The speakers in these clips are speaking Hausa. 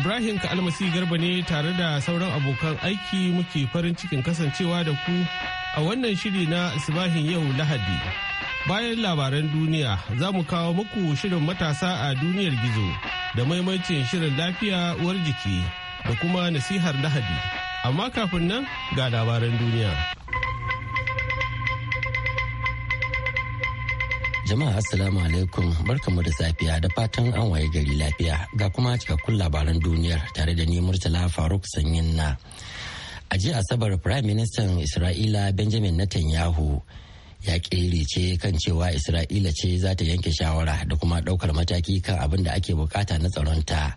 Ibrahim Almasi Garba ne tare da sauran abokan aiki muke farin cikin kasancewa da ku a wannan shiri na Isbahin yau Lahadi. Bayan labaran duniya za mu kawo muku shirin matasa a duniyar gizo da maimacin shirin lafiya uwar jiki da kuma nasihar Lahadi. Amma kafin nan ga labaran duniya. Jama'a Assalamu alaikum mu da safiya da fatan an waye gari lafiya ga kuma cikakkun labaran duniyar tare da ni Murtala Faruk Sanyin na. A jiya Asabar Prime Minister Isra'ila Benjamin Netanyahu ya ce kan cewa Isra'ila ce za ta yanke shawara da kuma ɗaukar mataki kan abin da ake bukata na tsaronta.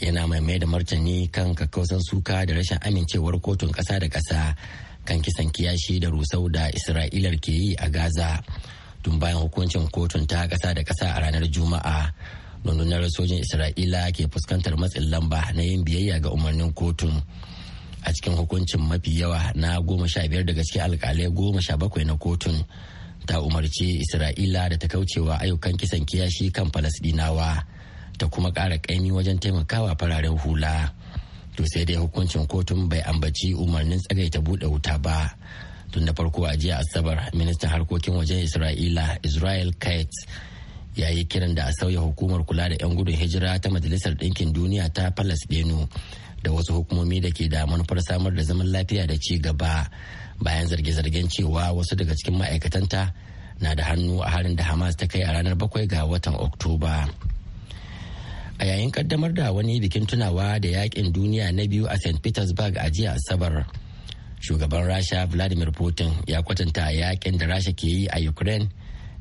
Yana mai mai da martani kan kakkausan suka da rashin amincewar kotun ƙasa da ƙasa kan kisan kiyashi da rusau da Isra'ilar ke yi a Gaza. tun bayan hukuncin kotun ta ƙasa da ƙasa a ranar juma'a rundunar sojin isra'ila ke fuskantar matsin lamba na yin biyayya ga umarnin kotun a cikin hukuncin mafi yawa na goma sha biyar daga cikin alkalai goma sha bakwai na kotun ta umarci isra'ila da ta kaucewa ayyukan kisan kiyashi kan falasdinawa ta kuma ƙara ƙaimi wajen taimakawa fararen hula to sai dai hukuncin kotun bai ambaci umarnin tsagaita buɗe wuta ba tun da farko a jiya asabar ministan harkokin wajen isra'ila israel kate ya yi kiran da a sauya hukumar kula da 'yan gudun hijira ta majalisar ɗinkin duniya ta benu da wasu hukumomi da ke da manufar samar da zaman lafiya da ci gaba bayan zarge-zargen cewa wasu daga cikin ma'aikatanta na da hannu a harin da hamas ta kai a ranar bakwai ga watan oktoba a yayin kaddamar da wani bikin tunawa da yakin duniya na biyu a st petersburg a jiya asabar shugaban rasha vladimir putin ya kwatanta yakin da rasha ke yi a ukraine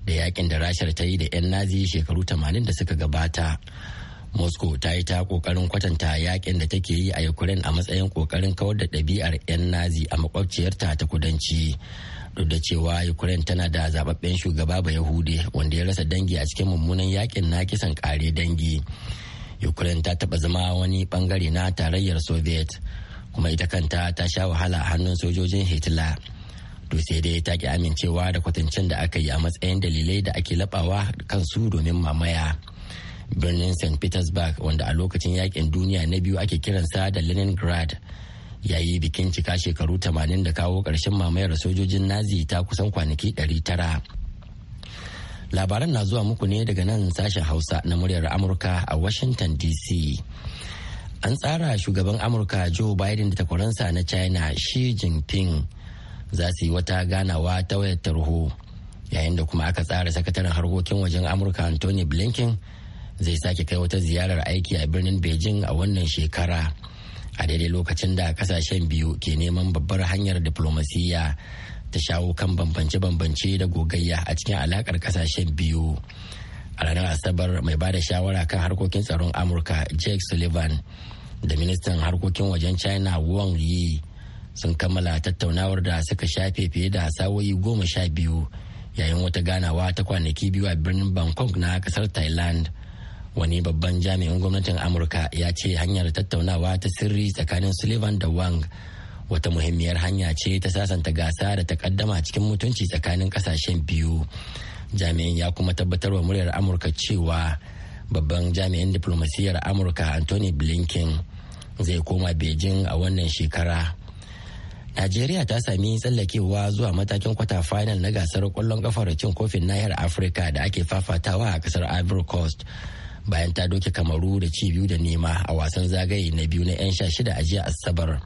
da yakin da rashar ta yi da 'yan nazi shekaru 80 da suka gabata moscow ta yi ta kokarin kwatanta yakin da take yi a ukraine a matsayin kokarin kawar da ɗabi'ar 'yan nazi a makwabciyarta ta kudanci duk da cewa ukraine tana da zababben shugaba ba yahude wanda ya rasa dangi a cikin mummunan yakin na kisan kare dangi ukraine ta taba zama wani bangare na tarayyar soviet kuma ita kanta ta sha wahala a hannun sojojin hitler to sai dai ta ki amincewa da kwatancin da aka yi a matsayin dalilai da ake labawa kansu domin mamaya birnin st petersburg wanda a lokacin yakin duniya na biyu ake kiransa da leningrad ya yi bikin cika shekaru 80 da kawo karshen mamayar sojojin nazi ta kusan kwanaki 900 labaran na zuwa muku ne daga nan sashen hausa na muryar amurka a washington dc an tsara shugaban amurka joe biden da takwaransa na china shi jinping za su yi wata ganawa ta wayar tarho yayin da kuma aka tsara sakataren harkokin wajen amurka anthony blinken zai sake kai wata ziyarar aiki a birnin beijing a wannan shekara a daidai lokacin da kasashen biyu ke neman babbar hanyar diplomasiya ta shawo kan bambance-bambance da gogayya a cikin alakar kasashen biyu. a ranar asabar mai bada shawara kan harkokin tsaron amurka jake sullivan da ministan harkokin wajen china wang yi sun kammala tattaunawar da suka shafe fiye da sawoyi goma sha biyu yayin wata ganawa ta kwanaki biyu a birnin bangkok na kasar thailand wani babban jami'in gwamnatin amurka ya ce hanyar tattaunawa ta sirri tsakanin sullivan da wang wata muhimmiyar hanya ce ta sasanta gasa da ta takaddama cikin mutunci tsakanin kasashen biyu jami'in ya kuma tabbatar wa muryar amurka cewa babban jami'in diplomasiyyar amurka anthony blinken zai koma beijing a wannan shekara najeriya ta sami tsallakewa zuwa matakin kwata final na gasar kwallon kafar cin kofin nahiyar afirka da ake fafatawa a kasar ivory coast bayan ta doke kamaru da ci biyu da nema a wasan zagaye na biyu na 'yan sha shida a jiya asabar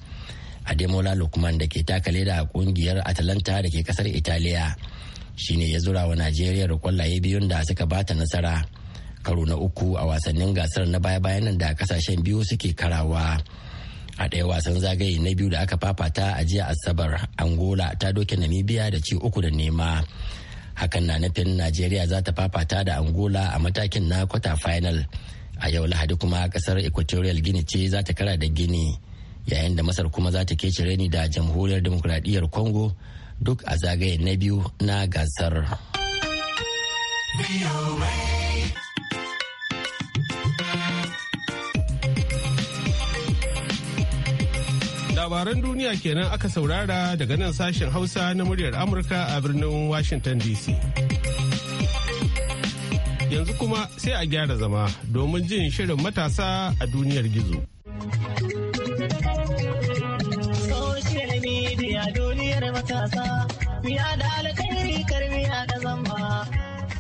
ademola lukman da ke takale da kungiyar atalanta da ke kasar italiya shine ya zura wa najeriya da kwallaye biyun da suka bata nasara karo na uku a wasannin gasar na baya-bayan nan da kasashen biyu suke karawa a ɗaya wasan zagaye na biyu da aka fafata a jiya asabar angola ta doke namibia da ci uku da nema hakan na nufin najeriya za ta fafata da angola a matakin na kwata final a yau lahadi kuma kasar equatorial gini ce za ta kara da gini. yayin da masar kuma za ta kece reni da jamhuriyar demokuraɗiyyar congo duk a zagaye na biyu na gasar. Labaran duniya kenan aka saurara daga nan sashen Hausa na muryar Amurka a birnin Washington DC. Yanzu kuma sai a gyara zama domin jin shirin matasa a duniyar gizo. matasa,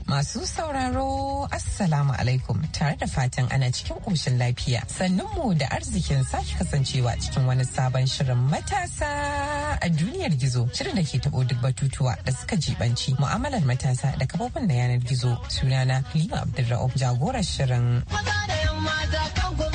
Masu sauraro Assalamu alaikum tare da fatan ana cikin ƙoshin lafiya mu da arzikin sake kasancewa cikin wani sabon shirin matasa a duniyar gizo shirin da ke taɓo duk batutuwa da suka jibanci mu'amalar matasa da kafofin da yanar gizo sunana Lima Abdulra'uf jagorar shirin. Maza da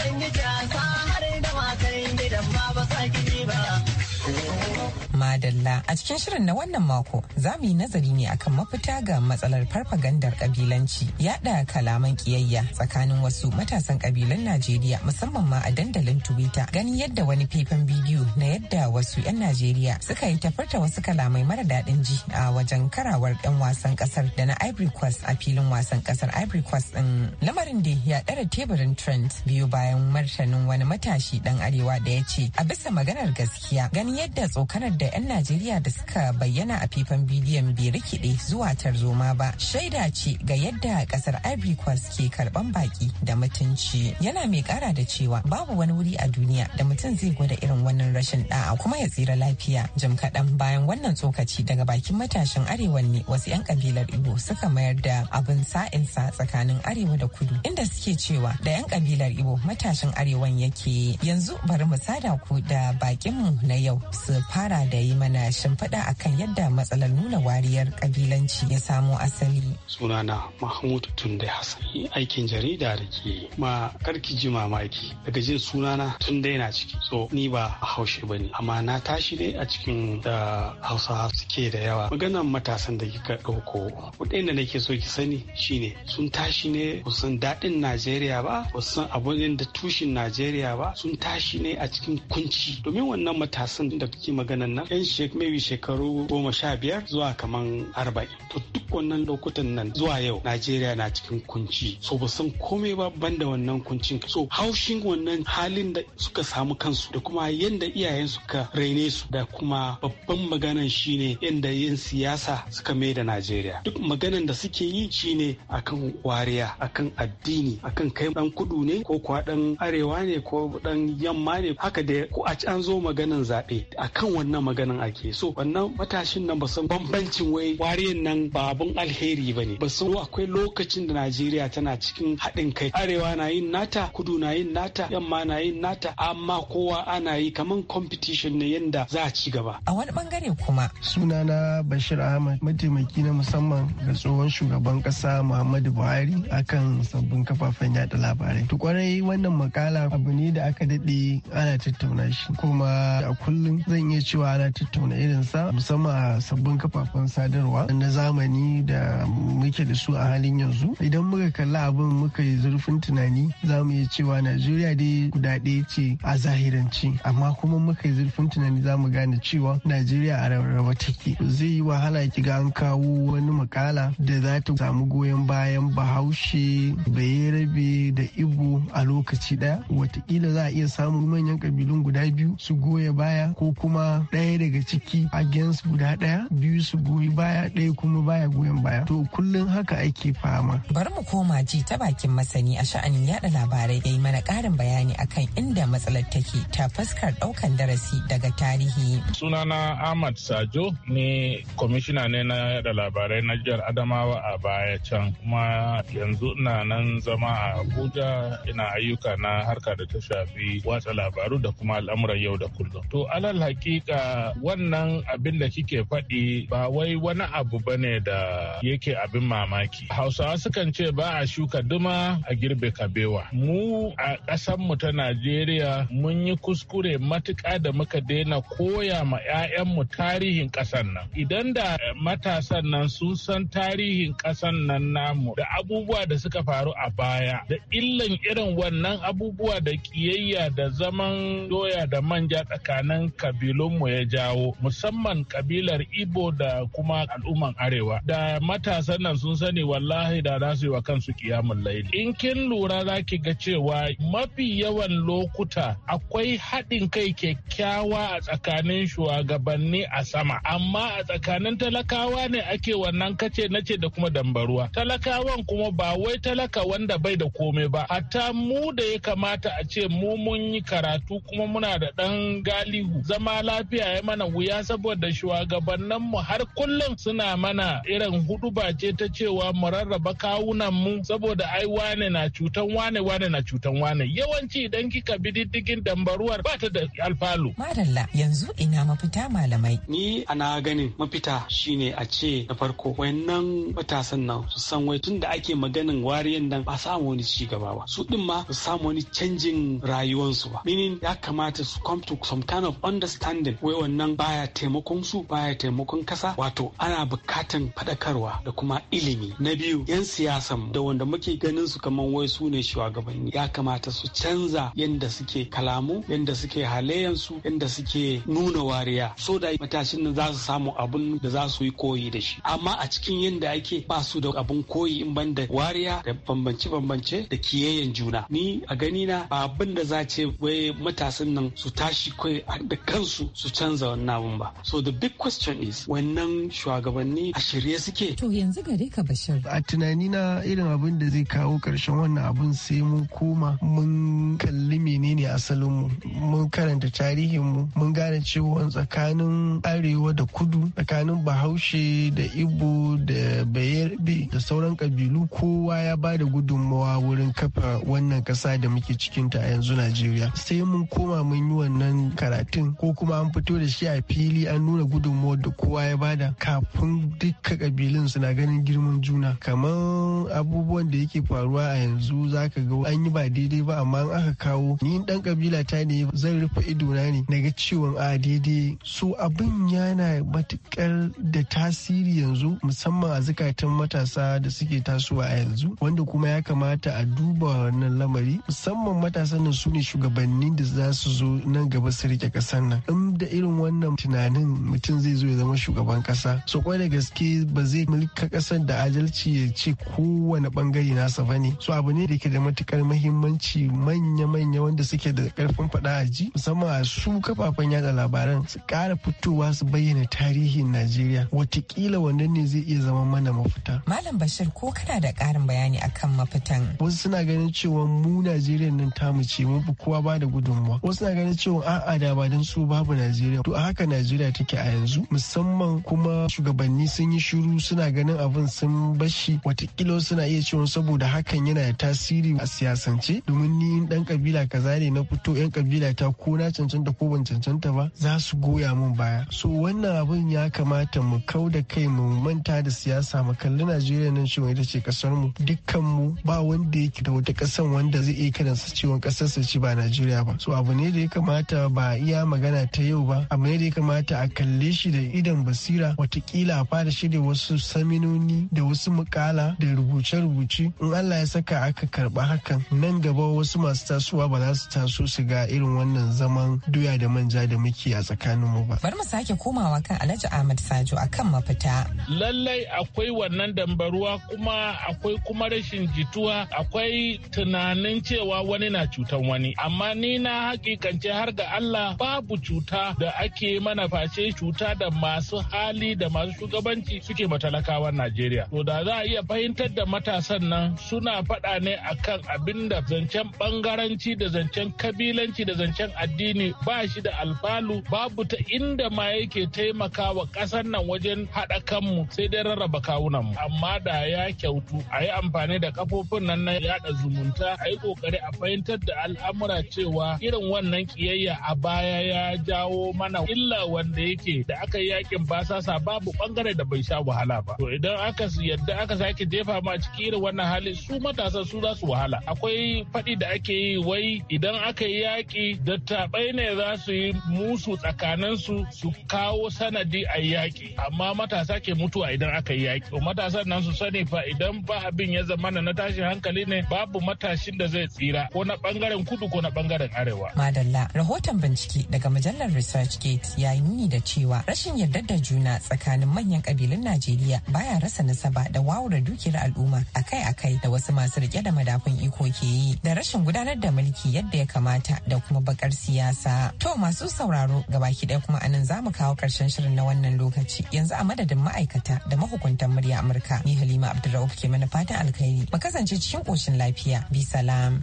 kalla a cikin shirin na wannan mako za mu yi nazari ne akan mafita ga matsalar farfagandar kabilanci yada kalaman kiyayya tsakanin wasu matasan kabilan Najeriya musamman ma a dandalin Twitter ganin yadda wani faifan bidiyo na yadda wasu 'yan Najeriya suka yi tafarta wasu kalamai mara daɗin ji a wajen karawar 'yan wasan kasar da na Ivory Coast a filin wasan kasar Ivory Coast din lamarin da ya ɗara teburin Trent biyu bayan martanin wani matashi dan arewa da ya ce a bisa maganar gaskiya ganin yadda tsokanar da 'yan Najeriya Najeriya da suka bayyana a fifan bidiyon bai rikide zuwa tarzoma ba shaida ce ga yadda kasar Ivory Coast ke karban baki da mutunci. Yana mai kara da cewa babu wani wuri a duniya da mutum zai gwada irin wannan rashin da'a kuma ya tsira lafiya. Jim kaɗan bayan wannan tsokaci daga bakin matashin arewa ne wasu 'yan kabilar Igbo suka mayar da abin sa'insa tsakanin arewa da kudu inda suke cewa da 'yan kabilar Igbo matashin arewan yake yanzu bari mu sada ku da bakinmu na yau su fara da yi mana mana shimfiɗa kan yadda matsalar nuna wariyar kabilanci ya samo asali. Sunana Mahmud Tunde Hassan aikin jarida da ke ma karki ji mamaki daga jin sunana Tunde yana ciki so ni ba a haushe ba ne amma na tashi dai a cikin da hausa suke da yawa maganan matasan da kika ɗauko Waɗanda da nake so ki sani shine sun tashi ne Kusan daɗin Najeriya ba Kusan abin da tushen Najeriya ba sun tashi ne a cikin kunci domin wannan matasan da ke maganan nan yan maybe shekaru goma sha biyar zuwa kamar arba'in to duk wannan lokutan nan zuwa yau najeriya na cikin kunci so ba san komai ba da wannan kuncin so haushin wannan halin da suka samu kansu da kuma yadda iyayen suka raine su da kuma babban maganan shine yadda yin siyasa suka mai da najeriya duk maganan da suke yi shine akan wariya akan addini akan kai dan kudu ne ko kuwa dan arewa ne ko dan yamma ne haka da ko a an zo maganan zaɓe akan wannan maganan ke so wannan matashin nan ba san bambancin wai wariyan nan ba abun alheri ba ne ba san akwai lokacin da najeriya tana cikin haɗin kai arewa na yin nata kudu na yin nata yamma na yin nata amma kowa ana yi kaman competition ne yanda za a ci gaba a wani bangare kuma suna na bashir ahmad mataimaki na musamman ga tsohon shugaban kasa muhammadu buhari akan sabbin kafafen yada labarai to kwarai wannan makala abu ne da aka daɗe ana tattauna shi kuma a kullum zan iya cewa ana tattauna irin sa musamman a sabbin kafafen sadarwa na zamani da muke da su a halin yanzu idan muka kalla abin muka yi zurfin tunani za mu iya cewa najeriya dai guda ɗaya ce a zahiranci amma kuma muka yi zurfin tunani za mu gane cewa najeriya a rarraba take zai yi wahala ki ga an kawo wani makala da za ta samu goyon bayan bahaushe bayerabe da ibo a lokaci ɗaya watakila za a iya samun manyan kabilun guda biyu su goya baya ko kuma ɗaya daga cikin ciki gens guda ɗaya biyu su goyi baya ɗaya kuma baya goyon baya to kullum haka ake fama. bari mu koma ji ta bakin masani a sha'anin yada labarai ya yi mana ƙarin bayani akan inda matsalar take ta fuskar ɗaukan darasi daga tarihi. sunana ahmad sajo ne kwamishina ne na yada labarai na jihar adamawa a baya can kuma yanzu na nan zama a abuja ina ayyuka na harka da ta shafi watsa labaru da kuma al'amuran yau da kullum to alal hakika wannan wannan abin da kike faɗi ba wai wani abu ba ne da yake abin mamaki. Hausawa sukan ce ba a shuka duma a girbe kabewa. Mu a ƙasanmu ta Najeriya mun yi kuskure matuƙa da muka daina koya ma 'ya'yanmu tarihin ƙasan nan. Idan da eh, matasan nan sun san tarihin ƙasan nan namu da abubuwa da suka faru a baya da illan irin wannan abubuwa da ƙiyayya da zaman doya da manja tsakanin kabilunmu ya jawo musamman kabilar Ibo da kuma al'umman Arewa. Da matasan nan sun sani wallahi da za su yi wa kansu kiyamun laili. In kin lura za ki ga cewa mafi yawan lokuta akwai haɗin kai kyakkyawa a tsakanin shugabanni a sama. Amma a tsakanin talakawa ne ake wannan kace ce da kuma dambaruwa. Talakawan kuma ba wai talaka wanda bai da komai ba. Hatta mu da ya kamata a ce mu mun yi karatu kuma muna da ɗan galihu. Zama lafiya ya mana wuya wuya saboda shugabanninmu har kullum suna mana irin ba ce ta cewa mu rarraba kawunan mu saboda ai wane na cutan wane wane na cutan wane yawanci idan kika bi diddigin dambaruwar ba ta da alfalu. Madalla yanzu ina mafita malamai. Ni ana ganin mafita shine a ce na farko wayannan matasan nan su san wai tun da ake maganin wariyan nan ba samu wani ci gaba ba su din ma su samu wani canjin rayuwansu ba. Minin ya kamata su come to some kind of understanding wai wannan ba baya taimakon su baya taimakon kasa wato ana bukatan faɗakarwa da kuma ilimi na biyu yan siyasan da wanda muke ganin su kamar wai su ne shugabanni ya kamata su canza yanda suke kalamu yanda suke halayen su yanda suke nuna wariya so da matashin nan za su samu abun da za su yi koyi da shi amma a cikin yanda ake ba su da abun koyi in banda wariya da bambance bambance da kiyayen juna ni a gani na abin da za ce wai matasan nan su tashi kai da kansu su canza wannan abun ba so the big question is wannan shugabanni a shirye suke to yanzu gare ka bashir a tunani na irin abin da zai kawo karshen wannan abun sai mun koma mun kalli menene asalin mu mun karanta tarihin mu mun gane cewa tsakanin arewa da kudu tsakanin bahaushe da ibo da bayerbe da sauran kabilu kowa ya ba da gudunmawa wurin kafa wannan kasa da muke cikinta a yanzu najeriya sai mun koma mun yi wannan karatun ko kuma an fito da shi a fili an nuna gudunmuwar da kowa ya bada kafin duka kabilun suna ganin girman juna kamar abubuwan da yake faruwa a yanzu za ka ga an yi ba daidai ba amma an aka kawo ni dan kabila ta ne zan rufe idona ne na ga ciwon a daidai so abin yana matukar da tasiri yanzu musamman a zukatan matasa da suke tasowa a yanzu wanda kuma ya kamata a duba wannan lamari musamman matasan nan su ne shugabanni da za su zo nan gaba su rike kasar nan in da irin wannan tunanin mutum zai zo ya zama shugaban kasa so kwai da gaske ba zai mulka kasar da adalci ya ce kowane bangare nasa ba ne so abu ne da ke da matukar mahimmanci manya-manya wanda suke da karfin faɗa a ji musamman a su kafafen yada labaran su kara fitowa su bayyana tarihin najeriya watakila wannan ne zai iya zama mana mafita malam bashir ko kana da karin bayani akan mafitan wasu suna ganin cewa mu najeriya nan tamu ce mu kowa ba da gudunmuwa wasu suna ganin cewa a'a da ba don su babu najeriya to a haka haka najeriya take a yanzu musamman kuma shugabanni sun yi shiru suna ganin abin sun bashi watakila suna iya cewa saboda hakan yana da tasiri a siyasance domin ni dan kabila kaza ne na fito yan kabila ta ko na cancanta ko ban cancanta ba za su goya min baya so wannan abin ya kamata mu kau da kai mu manta da siyasa mu kalli najeriya nan cewa ita ce kasar mu dukkan mu ba wanda yake da wata kasan wanda zai iya kiransa kasar kasarsa ci ba najeriya ba so abu ne da ya kamata ba iya magana ta yau ba abu ne da kamata a kalle shi da idan basira watakila a fara shirya wasu saminoni da wasu mukala da rubuce-rubuce in allah ya saka aka karba hakan nan gaba wasu masu tasowa ba za su taso su ga irin wannan zaman doya da manja da muke a tsakaninmu ba bari mu sake komawa kan alhaji ahmad sajo akan mafita lallai akwai wannan dambaruwa kuma akwai kuma rashin jituwa akwai tunanin cewa wani na cutan wani amma ni na hakikance har ga allah babu cuta da ake mana face cuta da masu hali da masu shugabanci suke matalakawan Najeriya. To da za a iya fahimtar da matasan nan suna faɗa ne akan abin da zancen bangaranci da zancen kabilanci da zancen addini ba shi da alfalu babu ta inda ma yake taimakawa ƙasar nan wajen haɗa kanmu sai dai rarraba kawunanmu. Amma da ya kyautu a yi amfani da kafofin nan na yaɗa zumunta a yi ƙoƙari a fahimtar da al'amura cewa irin wannan ƙiyayya a baya ya jawo mana illa wahala wanda yake da aka yi yakin basasa babu bangare da bai sha wahala ba to idan aka yadda aka sake jefa ma ciki irin wannan hali su matasa su za su wahala akwai faɗi da ake yi wai idan aka yi yaƙi dattabai ne za su yi musu tsakaninsu su kawo sanadi a yaƙi amma matasa ke mutuwa idan aka yi yaƙi matasan nan su sani fa idan ba abin ya zama na tashin hankali ne babu matashin da zai tsira ko na bangaren kudu ko na bangaren arewa madalla rahoton bincike daga mujallar research gate ya yi nuni da cewa rashin yarda da juna tsakanin manyan kabilun Najeriya baya rasa nasaba da wawura dukiyar al'umma akai-akai da wasu masu rike da madafun iko ke yi da rashin gudanar da mulki yadda ya kamata da kuma bakar siyasa. To masu sauraro gabaki ɗaya kuma anan za mu kawo ƙarshen shirin na wannan lokaci yanzu a madadin ma'aikata da mahukuntan murya Amurka ni Halima Abdulrauf ke mana fatan alkhairi mu kasance cikin koshin lafiya bi salam.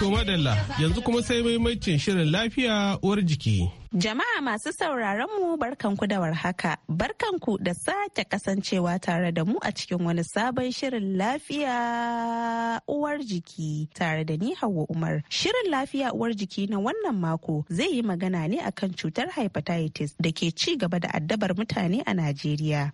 To madalla yanzu kuma sai maimaitin shirin lafiya uwar jiki. Jama'a masu sauraron mu barkanku da warhaka, barkanku da sake kasancewa tare da mu a cikin wani sabon shirin lafiya uwar jiki tare da ni Hauwa Umar. Shirin lafiya uwar jiki na wannan mako zai yi magana ne akan cutar hepatitis da ke ci gaba da addabar mutane a Najeriya.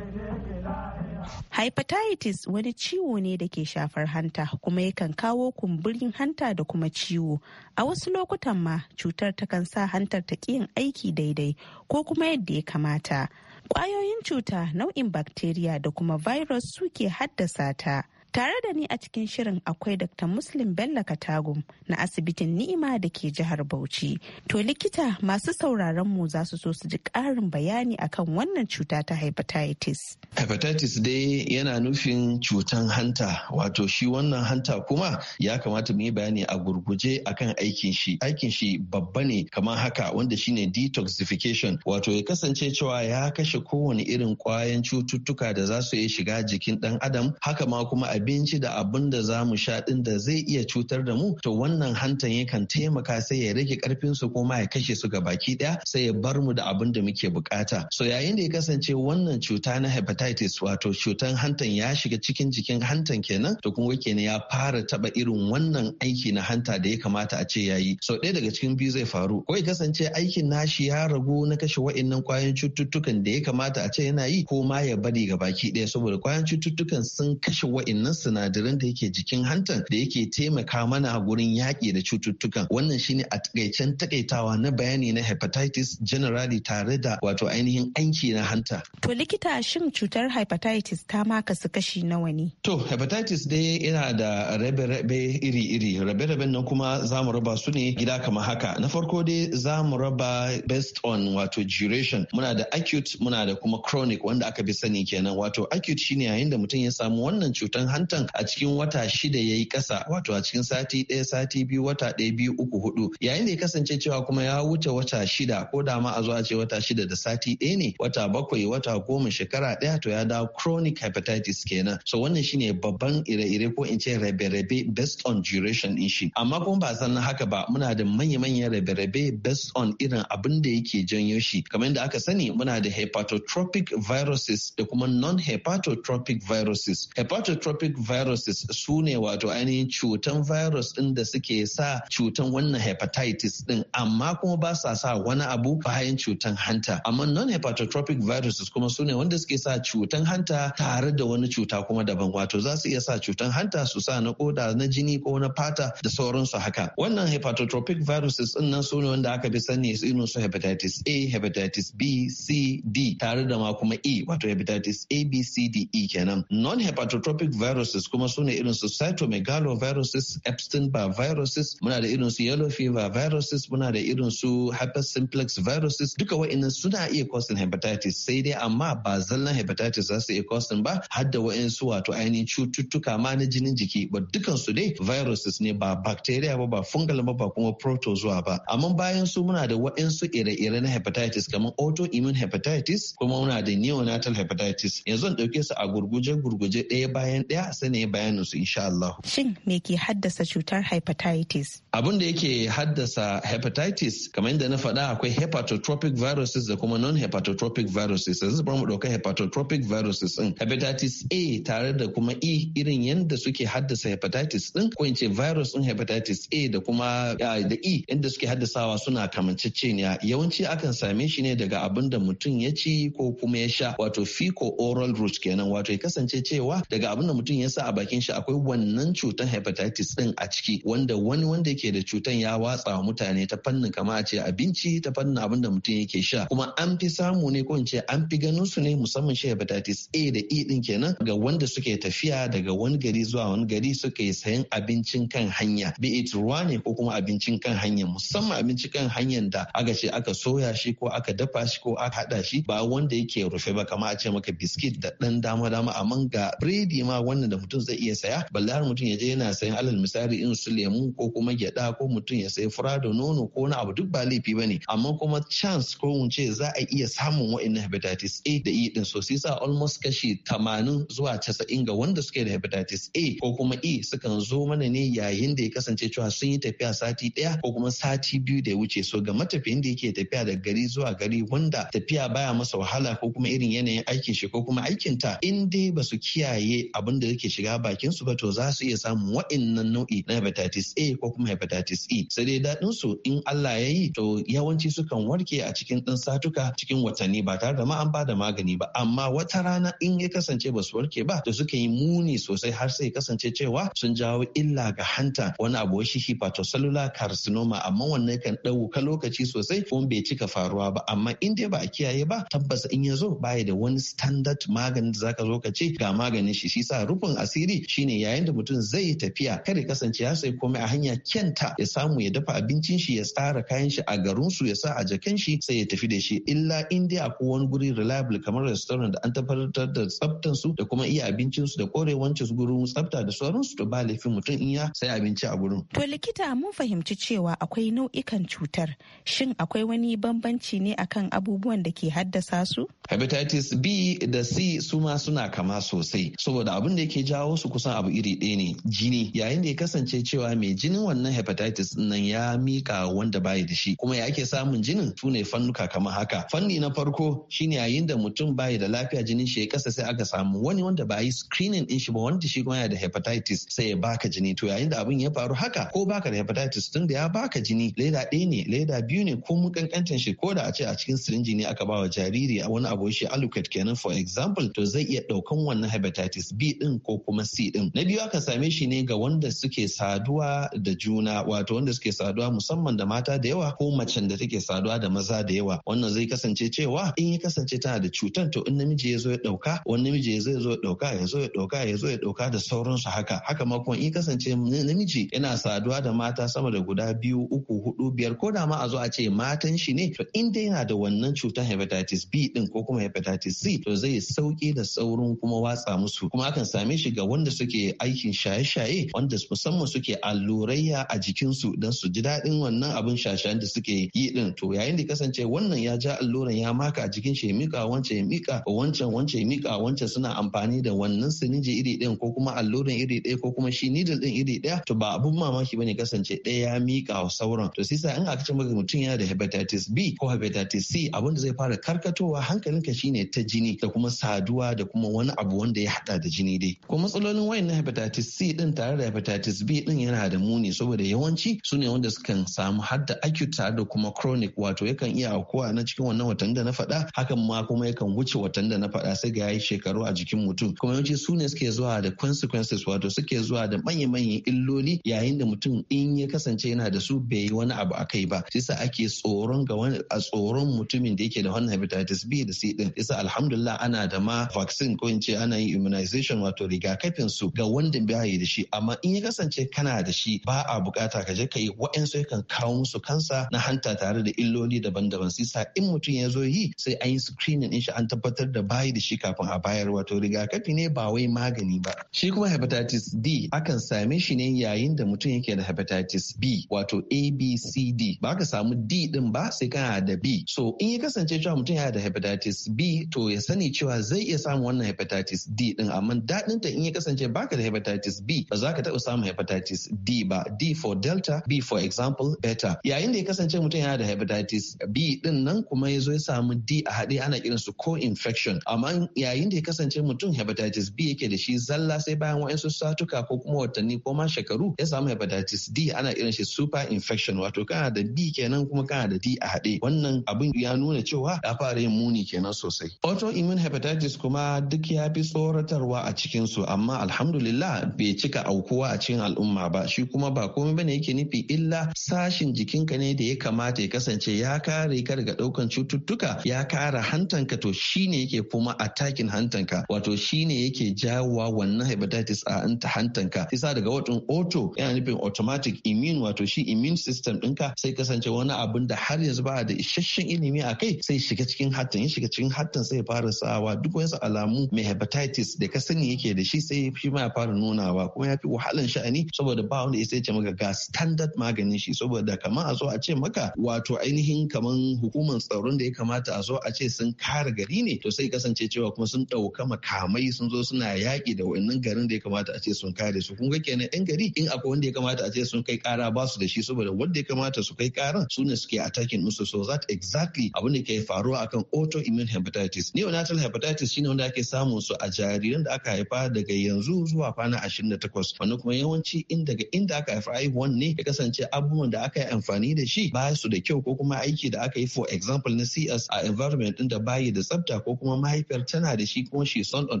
Hepatitis wani ciwo ne da ke shafar hanta kuma yakan kawo kumburin hanta da kuma ciwo. A wasu lokutan ma cutar takan sa hantar ta yin aiki daidai ko kuma yadda ya kamata. Ƙwayoyin cuta nau'in bakteriya da kuma virus suke haddasa ta. Tare da ni a cikin shirin akwai Dr. Muslim Bello Katago na asibitin Ni'ima da ke jihar Bauchi. To likita masu sauraron mu za su so su ji karin bayani akan wannan cuta ta hepatitis. Hepatitis dai yana nufin cutan hanta wato shi wannan hanta kuma ya kamata mu yi bayani a gurguje akan aikin shi. Aikin shi babba ne kamar haka wanda shine detoxification wato ya kasance cewa ya kashe kowane irin kwayan cututtuka da za su iya shiga jikin ɗan adam haka ma kuma a abinci da abin da za mu sha ɗin da zai iya cutar da mu to wannan hantan yakan taimaka sai ya rage karfin su kuma ya kashe su ga baki ɗaya sai ya bar mu da abin da muke bukata so yayin da ya kasance wannan cuta na hepatitis wato cutan hantan ya shiga cikin jikin hantan kenan to kuma ne ya fara taba irin wannan aiki na hanta da ya kamata a ce yayi so ɗaya daga cikin biyu zai faru ko ya kasance aikin nashi ya ragu na kashe wa'annan kwayoyin cututtukan da ya kamata a ce yana yi ko ma ya bari ga baki ɗaya saboda kwayoyin cututtukan sun kashe wa'annan waɗannan sinadaran da yake jikin hantan da yake taimaka mana gurin yaƙi da cututtukan wannan shine a takaicen takaitawa na bayani na hepatitis generally tare da wato ainihin aiki na hanta to likita shin cutar hepatitis ta ma su kashi nawa ne to hepatitis dai yana da rabe-rabe iri-iri rabe-raben nan kuma za mu raba su ne gida kamar haka na farko dai za mu raba based on wato duration muna da acute muna da kuma chronic wanda aka bi sani kenan wato acute shine yayin da mutum ya samu wannan cutar hantan a cikin wata shida ya yi ƙasa wato a cikin sati ɗaya sati biyu wata ɗaya biyu uku hudu yayin da ya kasance cewa kuma ya wuce wata shida ko da ma a zuwa ce wata shida da sati ɗaya ne wata bakwai wata goma shekara ɗaya to ya dawo chronic hepatitis kenan so wannan shine babban ire-ire ko in ce rabe-rabe based on duration in shi amma kuma ba san haka ba muna da manya-manyan rabe-rabe based on irin abin da yake janyo shi kamar yadda aka sani muna da hepatotropic viruses da kuma non-hepatotropic viruses hepatotropic specific viruses su ne wato ainihin cutan virus din da suke sa cutan wannan hepatitis din amma kuma ba sa sa wani abu bayan cutan hanta amma non hepatotropic viruses kuma su ne wanda suke sa cutan hanta tare da wani cuta kuma daban wato za su iya sa cutan hanta su sa na koda na jini ko na fata da sauransu haka wannan hepatotropic viruses din nan su ne wanda aka bi sani irin su hepatitis A hepatitis B C D tare da ma kuma E wato hepatitis A B C D E kenan non hepatotropic virus viruses kuma su ne irin su cytomegaloviruses epstein barr viruses muna da irin su yellow fever viruses muna da irin su herpes simplex viruses duka wa'annan suna iya causing hepatitis sai dai amma ba zallan hepatitis za su iya causing ba har da wa'ansu wato ainihin cututtuka ma na jinin jiki ba dukan su dai viruses ne ba bacteria ba ba fungal ba ba kuma protozoa ba amma bayan su muna da wa'ansu ire-ire na hepatitis kamar autoimmune hepatitis kuma muna da neonatal hepatitis yanzu ɗauke su a gurguje gurguje ɗaya bayan ɗaya za a sani bayanin su insha Allah. Shin me ke haddasa cutar hepatitis? Abin da yake haddasa hepatitis kamar yadda na faɗa akwai hepatotropic viruses da kuma non-hepatotropic viruses. Yanzu bari mu ɗauka hepatotropic viruses ɗin. Hepatitis A tare da kuma E irin yadda suke haddasa hepatitis ɗin ko in ce virus ɗin hepatitis A da kuma da E yadda suke haddasawa suna kamanceceniya. Yawanci akan same shi ne daga abin da mutum ya ci ko kuma ya sha wato fico oral route kenan wato ya kasance cewa daga abin da mutum mutum ya sa a bakin shi akwai wannan cutar hepatitis din a ciki wanda wani wanda yake da cutar ya watsa wa mutane ta fannin kama a ce abinci ta fannin abin da mutum yake sha kuma an fi samu ne ko in ce an fi ganin su ne musamman shi hepatitis A da E din kenan ga wanda suke tafiya daga wani gari zuwa wani gari suke sayan abincin kan hanya be it ruwa ne ko kuma abincin kan hanya musamman abincin kan hanyar da aka ce aka soya shi ko aka dafa shi ko aka hada shi ba wanda yake rufe ba kama a ce maka biskit da ɗan dama dama amma ga biredi ma wannan amfanin da mutum zai iya saya balle har mutum ya je yana sayan alal misali in su lemu ko kuma gyada ko mutum ya sayi fura da nono ko na abu duk ba laifi ba ne. amma kuma chance ko mun ce za a iya samun wa'annan hepatitis A da E din so sa almost kashi 80 zuwa 90 ga wanda suke da hepatitis A ko kuma E sukan zo mana ne yayin da ya kasance cewa sun yi tafiya sati daya ko kuma sati biyu da ya wuce so ga matafiyin da yake tafiya da gari zuwa gari wanda tafiya baya masa wahala ko kuma irin yanayin aikin shi ko kuma aikin ta in dai ba su kiyaye abin da ke shiga bakin su ba to za su iya samun wa'annan nau'i na hepatitis A ko kuma hepatitis E sai dai daɗin su in Allah ya yi to yawanci sukan warke a cikin ɗan satuka cikin watanni ba tare da ma an bada magani ba amma wata rana in ya kasance ba su warke ba to suka yi muni sosai har sai kasance cewa sun jawo illa ga hanta wani abu shi hepatocellular carcinoma amma wannan kan ɗauka lokaci sosai kuma bai cika faruwa ba amma in dai ba a kiyaye ba tabbas in ya zo baya da wani standard maganin da zaka zo ka ce ga maganin shi shi sa rufin asiri shine yayin da mutum zai tafiya kada kasance ya sai komai a hanya kyanta ya samu ya dafa abincin shi ya tsara kayan shi a garin su ya sa a jakan shi sai ya tafi da shi illa Indiya dai akwai wani guri reliable kamar restaurant da an tabbatar da tsaftan su da kuma iya abincin su da korewancin su gurin tsafta da sauran su to ba laifin mutum in ya sai abinci a gurin. To likita mun fahimci cewa akwai nau'ikan cutar shin akwai wani bambanci ne akan abubuwan da ke haddasa su? Hepatitis B da C su ma suna kama sosai saboda abin da yake jawo su kusan abu iri ɗaya ne jini yayin da ya kasance cewa mai jinin wannan hepatitis nan ya mika wanda bayi da shi kuma ya ake samun jinin su ne fannuka kamar haka fanni na farko shine yayin da mutum bayi da lafiya jinin shi ya kasa sai aka samu wani wanda ba yi screening din shi ba wanda shi kuma yana da hepatitis sai ya baka jini to yayin da abin ya faru haka ko baka da hepatitis tun da ya baka jini leda ɗaya ne leda biyu ne ko mun kankantan shi ko da a ce a cikin sirinji ne aka ba wa jariri wani abu shi alucate kenan for example to zai iya ɗaukan wannan hepatitis B din ko kuma C din. Na biyu aka same shi ne ga wanda suke saduwa da juna wato wanda suke saduwa musamman da mata da yawa ko macen da take saduwa da maza da yawa. Wannan zai kasance cewa in ya kasance tana da cutan to in namiji ya zo ya dauka wani namiji ya zo ya dauka ya zo ya dauka ya zo ya dauka da sauransu haka. Haka ma kuma in kasance namiji yana saduwa da mata sama da guda biyu uku hudu biyar ko da ma a zo a ce matan shi ne to in dai yana da wannan cutan hepatitis B din ko kuma hepatitis C to zai sauki da saurin kuma watsa musu kuma akan same. same shi ga wanda suke aikin shaye-shaye wanda musamman suke allurayya a jikinsu don su ji daɗin wannan abin shashayen da suke yi din to yayin da kasance wannan ya ja alluran ya maka a jikin shi ya mika wancan mika wancan wancan mika wancan suna amfani da wannan sininji iri ɗin ko kuma alluran iri ɗaya ko kuma shi needle ɗin iri ɗaya to ba abun mamaki bane kasance ɗaya ya mika wa sauran to sisa in aka ce maka mutum yana da hepatitis B ko hepatitis C abin da zai fara karkatowa hankalinka shine ta jini da kuma saduwa da kuma wani abu wanda ya hada da jini dai Kuma matsalolin wayan na hepatitis C din tare da hepatitis B din yana da muni saboda yawanci su ne wanda sukan samu har da acute tare da kuma chronic wato yakan iya aukuwa na cikin wannan watan da na faɗa hakan ma kuma yakan wuce watan da na faɗa sai ga yayi shekaru a jikin mutum kuma yawanci su ne suke zuwa da consequences wato suke zuwa da manya-manyan illoli yayin da mutum in ya kasance yana da su bai yi wani abu akai ba Sai ake tsoron ga wani a tsoron mutumin da yake da wannan hepatitis B da C din Sai alhamdulillah ana da ma vaccine ko in ce ana yin immunization wato rigakafin su ga wanda bai da shi amma in ya kasance kana da shi ba a bukata ka je ka yi wa'ansu yakan kawo musu kansa na hanta tare da illoli daban-daban sai sa in mutum ya zo yi sai an yi screening din shi an tabbatar da bayi da shi kafin a bayar wato rigakafi ne ba wai magani ba shi kuma hepatitis D akan same shi ne yayin da mutum yake da hepatitis B wato ABCD ba ka samu D din ba sai kana da B so in ya kasance cewa mutum yana da hepatitis B to ya sani cewa zai iya samun wannan hepatitis D din amma daɗin ta in ya kasance baka da hepatitis B ba za ka taɓa samun hepatitis D ba D for delta B for example beta yayin da ya kasance mutum yana da hepatitis B din nan kuma ya zo ya samu D a haɗe ana kiran su co-infection amma yayin da ya kasance mutum hepatitis B yake da shi zalla sai bayan wa'ansu satuka ko kuma watanni ko ma shekaru ya samu hepatitis D ana kiran shi super infection wato kana da B kenan kuma kana da D a haɗe wannan abin ya nuna cewa ya fara yin muni kenan sosai autoimmune hepatitis kuma duk ya fi tsoratarwa a cikin su amma alhamdulillah bai cika aukuwa a cikin al'umma ba shi kuma ba komai bane yake nufi illa sashin jikinka ne da ya kamata ya kasance ya kare ka daga daukan cututtuka ya kara hantanka to shine yake kuma attacking hantanka wato shine yake jawowa wannan hepatitis a anta hantanka isa daga watan auto yana nufin automatic immune wato shi immune system ɗinka sai kasance wani abin da har yanzu ba da isasshen ilimi a kai sai shiga cikin hatan ya shiga cikin hatan sai fara sawa duk wasu alamu mai hepatitis da ka sani yake yake da shi sai shi ma ya fara nunawa kuma ya fi wahalan sha'ani saboda ba wanda ya ce maka ga standard maganin shi saboda kamar a zo a ce maka wato ainihin kamar hukumar tsaron da ya kamata a zo a ce sun kare gari ne to sai kasance cewa kuma sun ɗauka makamai sun zo suna yaƙi da wannan garin da ya kamata a ce sun kare su kun ga kenan yan gari in akwai wanda ya kamata a ce sun kai kara ba su da shi saboda wanda ya kamata su kai karan su ne suke attacking musu so that exactly abin da ke faruwa akan autoimmune hepatitis neonatal hepatitis shine wanda ake samun su a jariran da aka haifa haifa daga yanzu zuwa kwana 28 wannan kuma yawanci in daga inda aka haifa haihuwan ne ya kasance abubuwan da aka yi amfani da shi ba su da kyau ko kuma aiki da aka yi for example na CS a environment din da bayi da tsabta ko kuma mahaifiyar tana da shi kuma she son on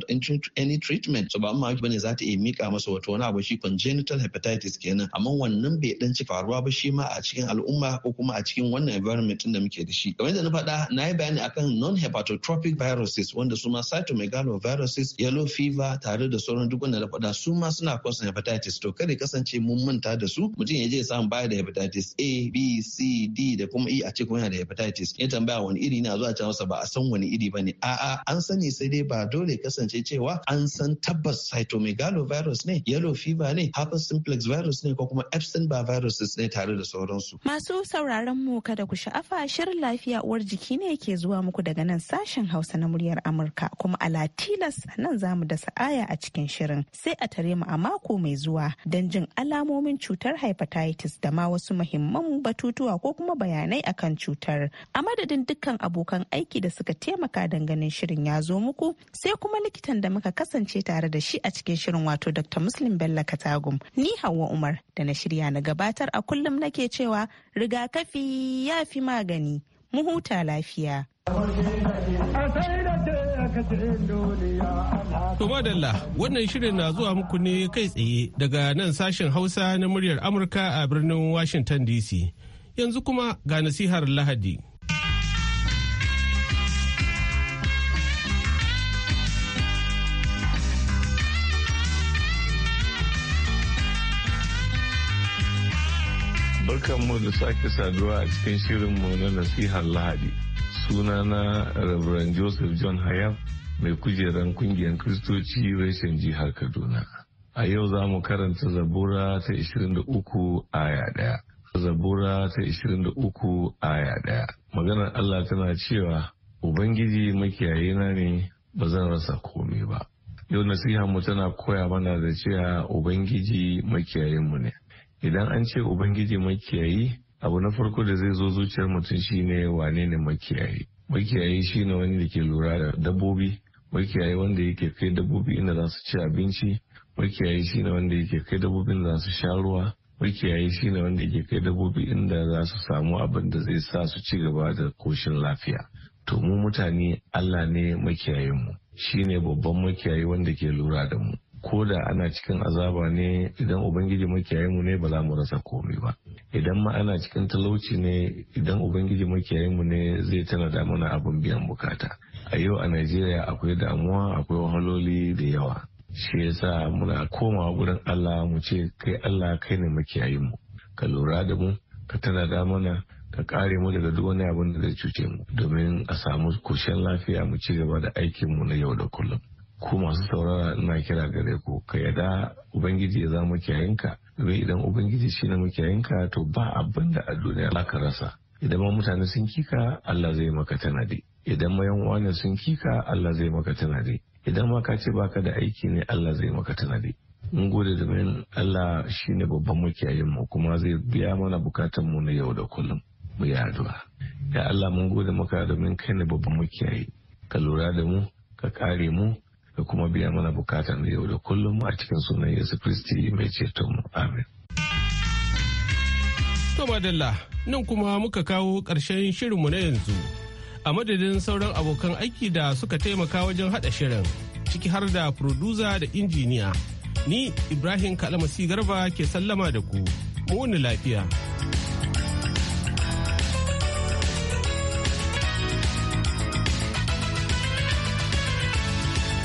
any treatment so ba ba ne za ta iya mika masa wato wani abu shi congenital hepatitis kenan amma wannan bai dan ci faruwa ba shi ma a cikin al'umma ko kuma a cikin wannan environment din da muke da shi kamar yadda na faɗa na yi bayani akan non hepatotropic viruses wanda su ma cytomegaloviruses yellow fever tare da sauran duk wanda na faɗa su ma suna kwasan hepatitis to kada kasance mun manta da su mutum ya je samu baya da hepatitis A B C D da kuma E a ce kuma yana da hepatitis ya tambaya wani iri na zuwa can masa ba a san wani iri bane a'a an sani sai dai ba dole kasance cewa an san tabbas cytomegalovirus ne yellow fever ne herpes simplex virus ne ko kuma epstein barr viruses ne tare da sauransu masu sauraron mu kada ku sha'afa shirin lafiya uwar jiki ne ke zuwa muku daga nan sashen Hausa na muryar Amurka kuma a Latilas nan zamu da sa'a baya a cikin shirin sai a tare mu a mako mai zuwa don jin alamomin cutar hepatitis da ma wasu muhimman batutuwa ko kuma bayanai akan cutar. A madadin dukkan abokan aiki da suka taimaka ganin shirin ya zo muku sai kuma likitan da muka kasance tare da shi a cikin shirin wato Dr. Muslim Bello Katagum. Ni Hauwa Umar da na shirya na gabatar a kullum nake cewa rigakafi ya fi magani. mu huta lafiya. To madalla wannan shirin na zuwa muku ne kai tsaye daga nan sashen Hausa na muryar Amurka a birnin Washington DC. Yanzu kuma ga nasihar Lahadi. Barkanmu da sake saduwa a cikin shirin mu na nasihar Lahadi. suna na Reverend Joseph John Hayam mai kujeran kungiyar Kristoci reshen jihar Kaduna. A yau za mu karanta Zabura ta 23 aya ɗaya. Zabura ta 23 aya ɗaya. Maganar Allah tana cewa Ubangiji makiyayina ne ba zan rasa komai ba. Yau nasiha mu tana koya mana da cewa Ubangiji makiyayinmu ne. idan an ce ubangiji makiyayi abu na farko da zai zo zuciyar mutum shine wane ne makiyayi makiyayi shine wani da ke lura da dabbobi makiyayi wanda yake kai dabbobi inda za su ci abinci makiyayi shine wanda yake kai dabbobin za su sha ruwa makiyayi shine wanda yake kai dabbobi inda za su samu abin da zai sa su ci gaba da koshin lafiya to mu mutane Allah ne makiyayin mu shine babban makiyayi wanda ke lura da mu ko da ana cikin azaba ne idan ubangiji makiyayi mu ne ba za mu rasa komai ba idan ma ana cikin talauci ne idan ubangiji makiyayi mu ne zai tana da mana abin biyan bukata a yau a najeriya akwai damuwa akwai wahaloli da yawa shi yasa muna komawa gurin allah mu ce kai allah kai ne makiyayi mu ka lura da mu ka tana da mana ka kare mu daga duk wani abin da zai cuce mu domin a samu koshin lafiya mu ci gaba da aikin mu na yau da kullum ku masu saurara ina kira gare ku ka yada ubangiji ya zama makiyayinka domin idan ubangiji shi ne makiyayinka to ba abin da a duniya za ka rasa idan ma mutane sun kika Allah zai maka tanadi idan ma yan uwa sun kika Allah zai maka tanadi idan ma ka ce baka da aiki ne Allah zai maka tanadi mun gode domin Allah shine babban makiyayin mu kuma zai biya mana bukatun mu na yau da kullum mu yi addu'a ya Allah mun gode maka domin kai ne babban makiyayi ka lura da mu ka kare mu da kuma biya mana bukatan yau da kullum a cikin sunan Yesu Kristi mai ceton mu. Amin. To madalla nan kuma muka kawo ƙarshen mu na yanzu. A madadin sauran abokan aiki da suka taimaka wajen haɗa shirin ciki har da furduza da injiniya. Ni Ibrahim Kalamasi Garba ke sallama da ku. Mu lafiya.